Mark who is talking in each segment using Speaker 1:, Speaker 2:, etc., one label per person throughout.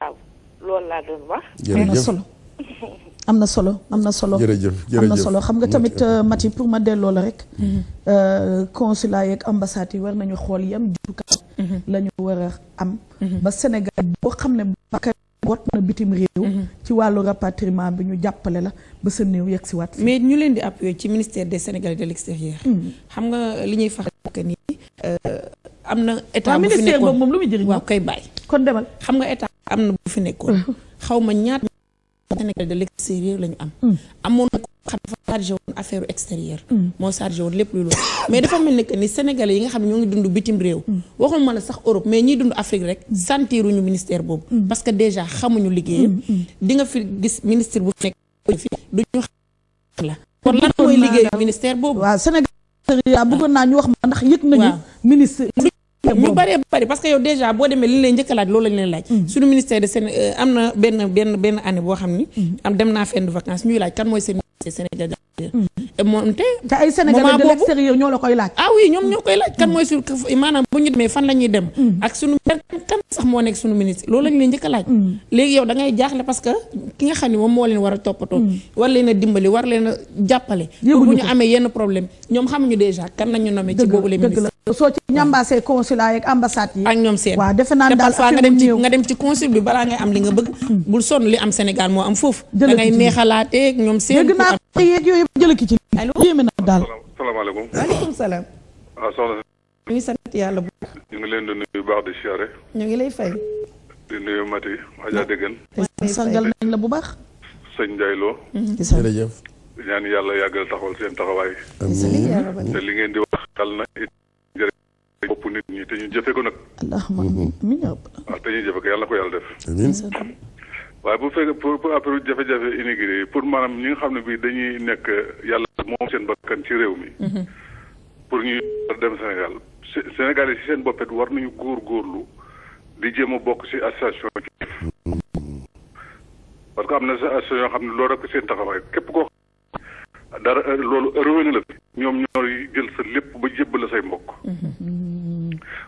Speaker 1: waaw lool laa doon wax. jërëjëf solo. am na solo am na solo jërëjëf am na solo xam nga tamit euh, Mati pour ma delloo la rek. Mhm. Euh, consulat yeeg ambassade yi war nañu xool yam jumtukaay mhm. la ñu war a am. Mhm. ba Sénégal boo xam ne bakkan wot na bitim réew. ci wàllu rapatriement bi ñu jàppale la ba sa néew yegg si waat. mais ñu leen di appuyer ci ministère des Sénégalais de l'extérieur. xam nga li ñuy faral que ni euh, am na état bu fi nekkoon waaw ministère boobu moom lu muy jëriñ. kon demal xam nga état. am na bu fi nekkoon. Mm-hmm. xaw ma ñaat Sénégal de l'extérieur lañu am. Mm-hmm. amoon na ko xam dafa chargé woon affaire extérieure. Mm-hmm. moo chargé woon lépp lu loolu mais dafa mel ni que ni Sénégalais yi nga xam ne ñoo ngi dund bitim réew. waxuma la sax Europe mais ñiy dund Afrique rek. ñu ministère boobu. parce que déjà xamuñu liggéeyam. di nga fi gis ministre bu fi nekk du ñu xam la. kon lan mooy liggéeyu ministère boobu. waaw Sénégal bëggoon naa ñu wax ma ndax yëg nañu. ñu bëree bëri parce que déjà boo demee li leen njëkk laaj loolu lañ leen laaj mm. suñu ministère de seen euh, am na benn benn benn boo xam ni mm. am dem naa fenn vacances ñuy laaj kan mooy seen ministère Sénégal mm. moom te ay sénégalais de laaj ah oui ñoom ñoo koy laaj kan mooy su ministre loolu lañ leen njëkk laaj léegi yow da jaaxle parce ki nga xam ne moom moo leen war a toppatoo war leen dimbali war leen jàppale bu ñu amee yenn problème ñoom xamuñu ñu soo ci ñambaasee consulat yeeg ambassade yi. ak ñoom seen waaw defe naa daal affaire nga dem ci nga dem ci consul bi balaa ngay am li nga bëgg. Hmm. bul sonn li am Sénégal moo am foofu. da ngay neexalaatee ak ñoom seen. dégg naa ko yeeg yooyu jëlee ki ci. allo yéeme
Speaker 2: na ah,
Speaker 1: ngi sant yàlla bu
Speaker 2: ñu ngi leen di nuyu baax di siyaare. ñu ngi lay fay. di nuyu Mati Adja Déggen. bu baax. sëñ Ndiaye Lo.
Speaker 1: Mm-hmm. jërëjëf.
Speaker 2: ñaan yàlla yàggal taxawal seen taxawaay. te li ngeen di wax xal na ko nit ñi te ñu jëfe ko nag. allahumma amiin mhm. waaw te ñu jëfe ko yàlla ko yàlla def. waaye bu fekkee pour pour après jafe-jafe immigré yi pour maanaam ñi nga xam ne bii dañuy nekk yàlla moom seen bakkan ci réew mi. Mhm. pour ñu dem Sénégal Sénégal yi si seen boppet war nañu góorgóorlu di jéem a bokk si association parce que am na sa association xam ne loolu rek seen taxawaay képp koo
Speaker 1: dara loolu revenu la fi ñoom ñoo jël sa lépp ba jébbal la say mbokk. Mhm.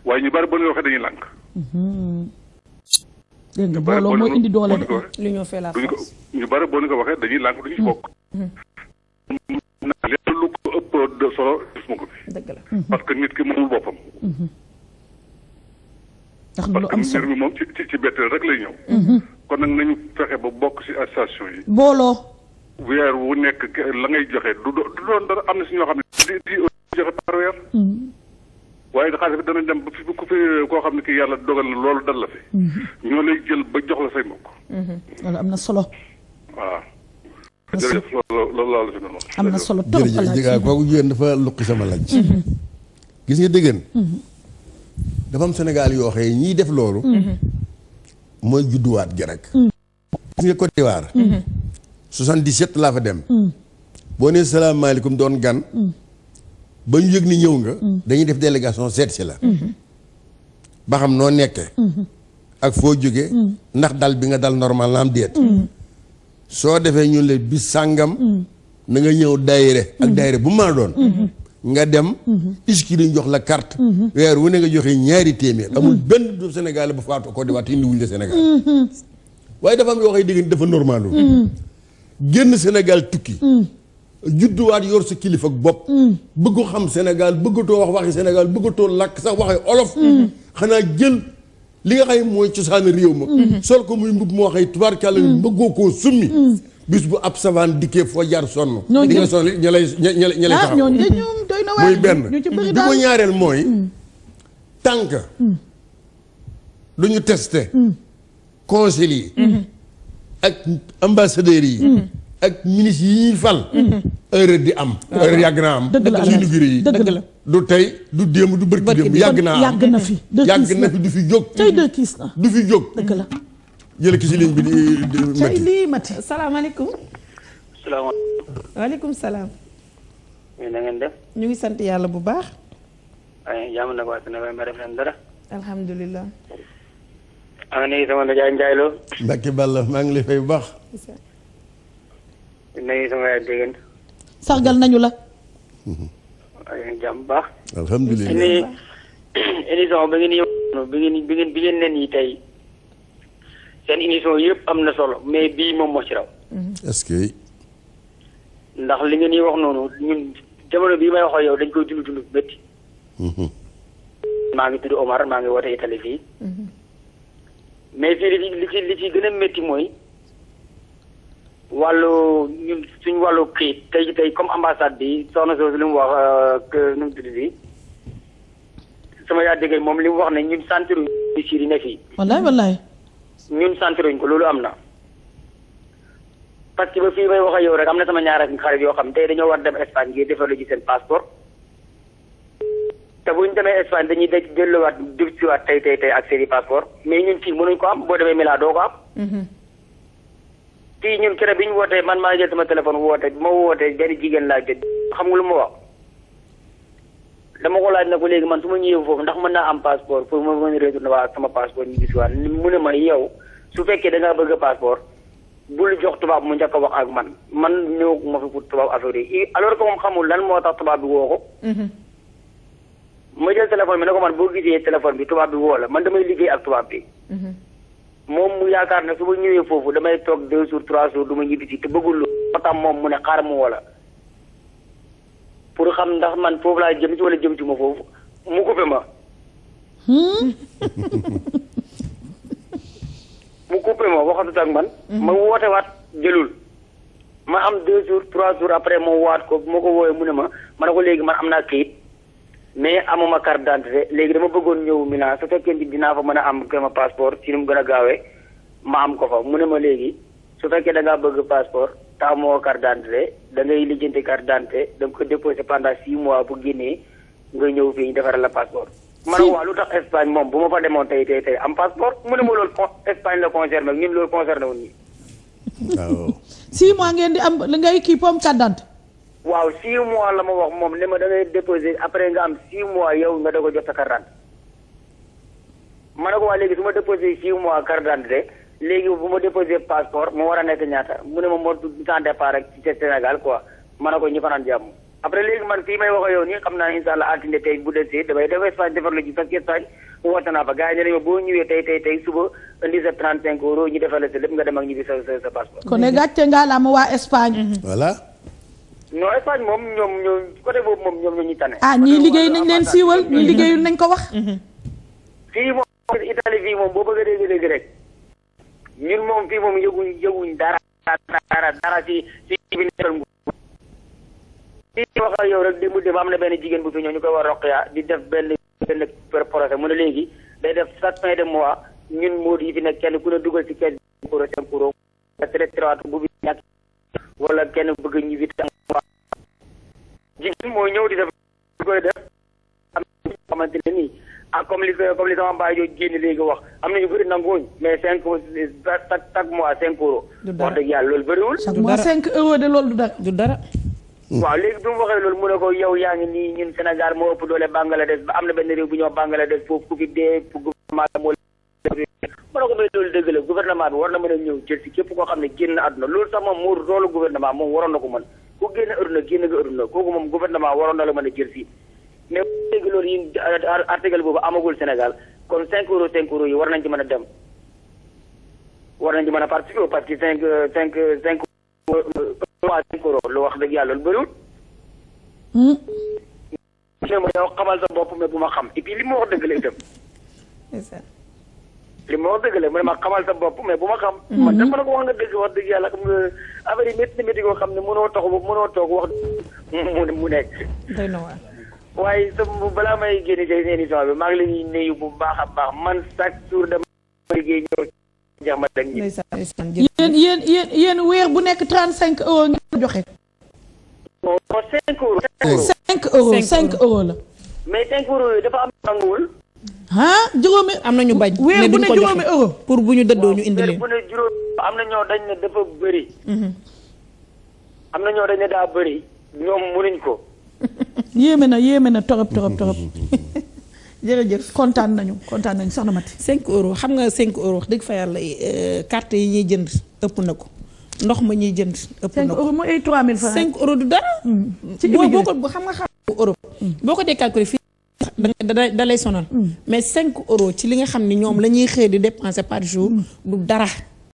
Speaker 2: waaye ñu bari boo leen waxee dañuy lànk.
Speaker 1: Mm-hmm. dégg nga booloo moo indi doole de l'union fait la
Speaker 2: ñu bari boo leen ko waxee dañuy lànk duñu ci bokk. Mm-hmm. lépp lu ko ëpp mm-hmm. parce que nit ki moomul boppam. ndax lu am solo parce moom ci ci ci rek lay
Speaker 1: ñëw.
Speaker 2: kon nag nañu fexe ba bokk ci association yi. booloo. weer wu nekk la ngay joxe du doon dara am na si ñoo xam ne di di joxe par weer. waaye xaalis bi danañ dem ba fi ku fi koo xam ne kii yàlla dogal na loolu dal la fi. Mhm. ñoo lay jël ba jox la say mbokk.
Speaker 1: Mhm. loolu am na solo.
Speaker 3: waaw. am na solo trop jërëjëf jërëjëf kooku jigéen sama laaj. Mhm. gis nga dëggan dafa am yoo xëy ñiy def loolu. mooy judduwaat gi rek. gis nga Côte d'Ivoire. 77 laa fa dem. boo nee salaamaaleykum doon gan. ba ñu yëg ni ñëw nga. Mm. dañuy def délégation seet si la. Mm-hmm. ba xam noo nekkee. Mm-hmm. ak foo jóge mm. ndax dal bi nga dal normal na am déet. Mm. soo defee ñu le bis sàngam. na nga ñëw daayire ak mm-hmm. dayre bu ma doon. nga dem. iski jox la carte. weer wu ne nga joxe ñaari téeméer. amul benn du Sénégal bu faatu ko di waat indiwuñ la Sénégal. waaye dafa am yoo xam ne dafa normalul génn Sénégal tukki. judduwaat yor sa kilifa bopp. Mm. bëggu xam Sénégal bëggatoo wax waxi Sénégal bëggatoo làkk sax waxi olof. Mm-hmm. xanaa jël li nga xam mooy cosaanu réew ma. Mm-hmm. sol ko muy mbub moo xëy tubaarkàlla bi mm. bëggoo koo summi. Mm. bis bu ab savaan dikkee foo jaar sonn. di ña lay ña lay
Speaker 1: ah, benn bi ko ñaareel mooy.
Speaker 3: tànk du ñu testé. conseil yi. Mm-hmm. ak ambassadeurs yi. ak ministre yi ñuy fal. Mhm. heure di am. heure yag na am. dëgg la inauguré yi dëgg la du tay du dem du barki dem yag na yag
Speaker 1: na fi. yag na fi du fi jog tay de kiss na du fi jog deug la.
Speaker 4: yele ki si ligne bi di tay mat di
Speaker 1: Mati. salam alaykum
Speaker 4: salaamaaleykum.
Speaker 1: alaykum salam
Speaker 4: ñu na ngeen def. ñu
Speaker 1: ngi sant yalla bu baax.
Speaker 4: ay yam na ko sene ma def fen dara. alhamdullilah maa sama nijaay Ndiaye Lo.
Speaker 3: Mbacke Balla ma ngi lay fay bu baax.
Speaker 4: nuyu sama yaay dégg
Speaker 1: sargal nañu la.
Speaker 4: waa yéen jàmm baax. alhamdulilah émission bi ngeen bi ngeen nen yi tey seen émission yëpp am na solo mais bii moom moo ci raw.
Speaker 2: Mhm. est
Speaker 4: ndax li ngeen di wax noonu ñun jamono bii may wax yow dañ koy dund dund métti. Mhm. maa ngi tudd Omar maa ngi wootee Italie fii. Mhm. mais fii li ci li ci gën a métti mooy. wàllu ñun suñu wàllu kii tey tey comme ambassade bi soxna soosu li mu wax euh, nu mu tudd si sama yaa déggee moom li mu wax na ñun santiruñ misir yi ne fii. wallaay wallaay. ñun santiruñ ko loolu am na. parce que ba fii may wax yow rek am na sama ñaar a xarit yoo xam tey dañoo war dem Espagne ngir defalu ji seen passeport. te bu ñu demee Espagne dañuy de delluwaat di si waat tey tey tey ak seen i passeport mais ñun fii mënuñ ko am boo demee Milan doo fii ñun kere man maa jël sama téléphone woote ma wootee benn jigéen laa jël xam nga lu ma wax dama ko laaj na man ndax am passeport pour ma mën a retourné sama passeport ñu gis waat mu ne ma yow su fekkee da bëgg passeport jox tubaab mu wax ak man man ñëw ma fi pour tubaab affaire yi alors que moom xamul lan moo tax tubaab bi woo ko mm-hmm. ma jël téléphone bi ne man boo téléphone bi tubaab bi la man damay liggéey ak tubaab bi mm-hmm. moom mu yaakaar ne su ma ñëwee foofu damay toog deux jours trois jours du ma ñibbisi te bëggul loolu moo tax moom mu ne xaar mu wala pour xam ndax man foofu laa jëm ci wala jëm ci ma foofu mu coupé ma. Hmm? mu coupé ma waxatut ak man. Hmm. ma woote waat jëlul. ma am deux jours trois jours après ma waat ko bu ma ko woowee mu ne ma ma ne ko léegi man am naa kayit. mais amuma carte d'identité léegi dama bëggoon ñëw Milan su fekkee ni dinaa fa mën a am sama passeport ci nu mu gën a gaawee ma am ko fa mu ne ma léegi su fekkee da ngaa bëgg passeport te amoo carte d'identité da ngay lijjanti carte d'identité da nga ko pendant six mois bu génnee nga ñëw fii ñu defaral la passeport. ma ne waa lu tax Espagne moom bu ma fa demoon tey tey tey am passeport mu ne ma loolu Espagne la concerné ñun loolu concerné wu ñu.
Speaker 1: waaw. six mois ngeen
Speaker 4: waaw 6 mois la ma wax moom ne ma da ngay déposé après nga am 6 mois yow nga doog a jot sa carte d'identité ma ne ko waa léegi su ma déposé 6 mois carte d'identité léegi bu ma déposé passeport mu war a nekk ñaata mu ne ma moo sans départ rek ci Sénégal quoi ma ne ko ñu fanaan jàmm après léegi man fii may wax ak yow nii xam naa ne incha tey bu desee damay def Espagne defar la ji parce que Espagne woote naa fa gars yi ne la ma boo ñëwee tey tey tey suba indi sa 35 ñu defal la sa lépp dem ak ñibbi sa sa non Espagne moom ñoom ñoo côté boobu moom ñoom ñoo ñu tane. ah ñii nañ leen siiwal ñii liggéeyul nañ ko wax. Mhm. fii moom Italie fii moom boo bëggee dégg dégg rek ñun moom fii moom yëguñ yëguñ dara dara dara si si bi nekkal nguur. wax ak yow rek démb démb am na benn jigéen bu fi ñëw ñu koy war Roqya di def benn benn projet mu léegi day def chaque fin de mois ñun moo di fi nekk kenn ku ne dugal si kees bi. cinq euros cinq kenn bëgg ñibbi jigéen moo ñëw di def koy def am na xamante ne nii ah comme li comme li sama wax am na ñu bëri nanguwuñ mais cinq chaque chaque mois cinq euros. dëgg yàlla loolu bëriwul. chaque mois cinq
Speaker 1: euros du dara
Speaker 4: waaw léegi bi mu waxee loolu mu ne ko yow yaa ngi nii ñun Sénégal moo ëpp doole Bangladesh ba am na benn réew bu ñuy wax Bangladesh foofu ku fi dee gouvernement moo loolu dëgg la gouvernement bi war na mën a ñëw jël si képp koo xam ne génn àdduna loolu sax moom moo rôle gouvernement moom waroon na ko mën ko génne aduna génn nga aduna kooku moom gouvernement waroon na la mën a jël si mais léegi loolu yi article boobu amagul Sénégal kon cinq euros cinq euros yi war nañ ci mën a dem war nañ ci mën a participer parce que cinq cinq cinq mois cinq euros lu wax dëgg yàlla lu bëriwul mais hmm. yow xamal sa bopp mais bu ma xam et puis li mu wax dëgg la itam li ma wax dëgg la mu ne ma xamal sa bopp mais bu ma xam. Mhm. man dama la ko wax nga dëgg wax dëgg yàlla xam nga affaire yi métti na métti koo xam ne mënoo tax mënoo toog wax mu nekk. day na waaye sa balaa may génne ci émission bi maa ngi leen di nuyu bu baax a baax man chaque jour dama liggéey ñëw jax ma dag
Speaker 1: ñi yéen yéen yéen yéen weer bu nekk trente cinq euros ngeen joxe. non cinq euros. cinq euros cinq euros la. mais cinq euros yooyu dafa am nanguwul. ha juróomi amna ñu bañ. né bu ko juróomi euro oh. pour buñu deddo ñu indi leen.
Speaker 4: buñu ne amna am ñoo dañ né dafa bëri. hmm amna ñoo dañ né da bëri ñom mënuñ ko.
Speaker 1: yéeme na yéeme na torop torop torop. jere contane nañu contane nañu sax na mati. 5 euro xam nga 5 euro wax deug fa yàlla eh, carte yi ñi jënd ëpp nako ndox ma ñi jënd. ëpp nako 5 euro mo ay 3000 francs. 5 euro du dara. Mm. ci immigré ko xam nga xam. euro mm. boko ko décalculé fii. da da
Speaker 4: sonal. Mm. mais 5 euros ci li nga xamni ñom lañuy la di dépenser par jour mm. du dara.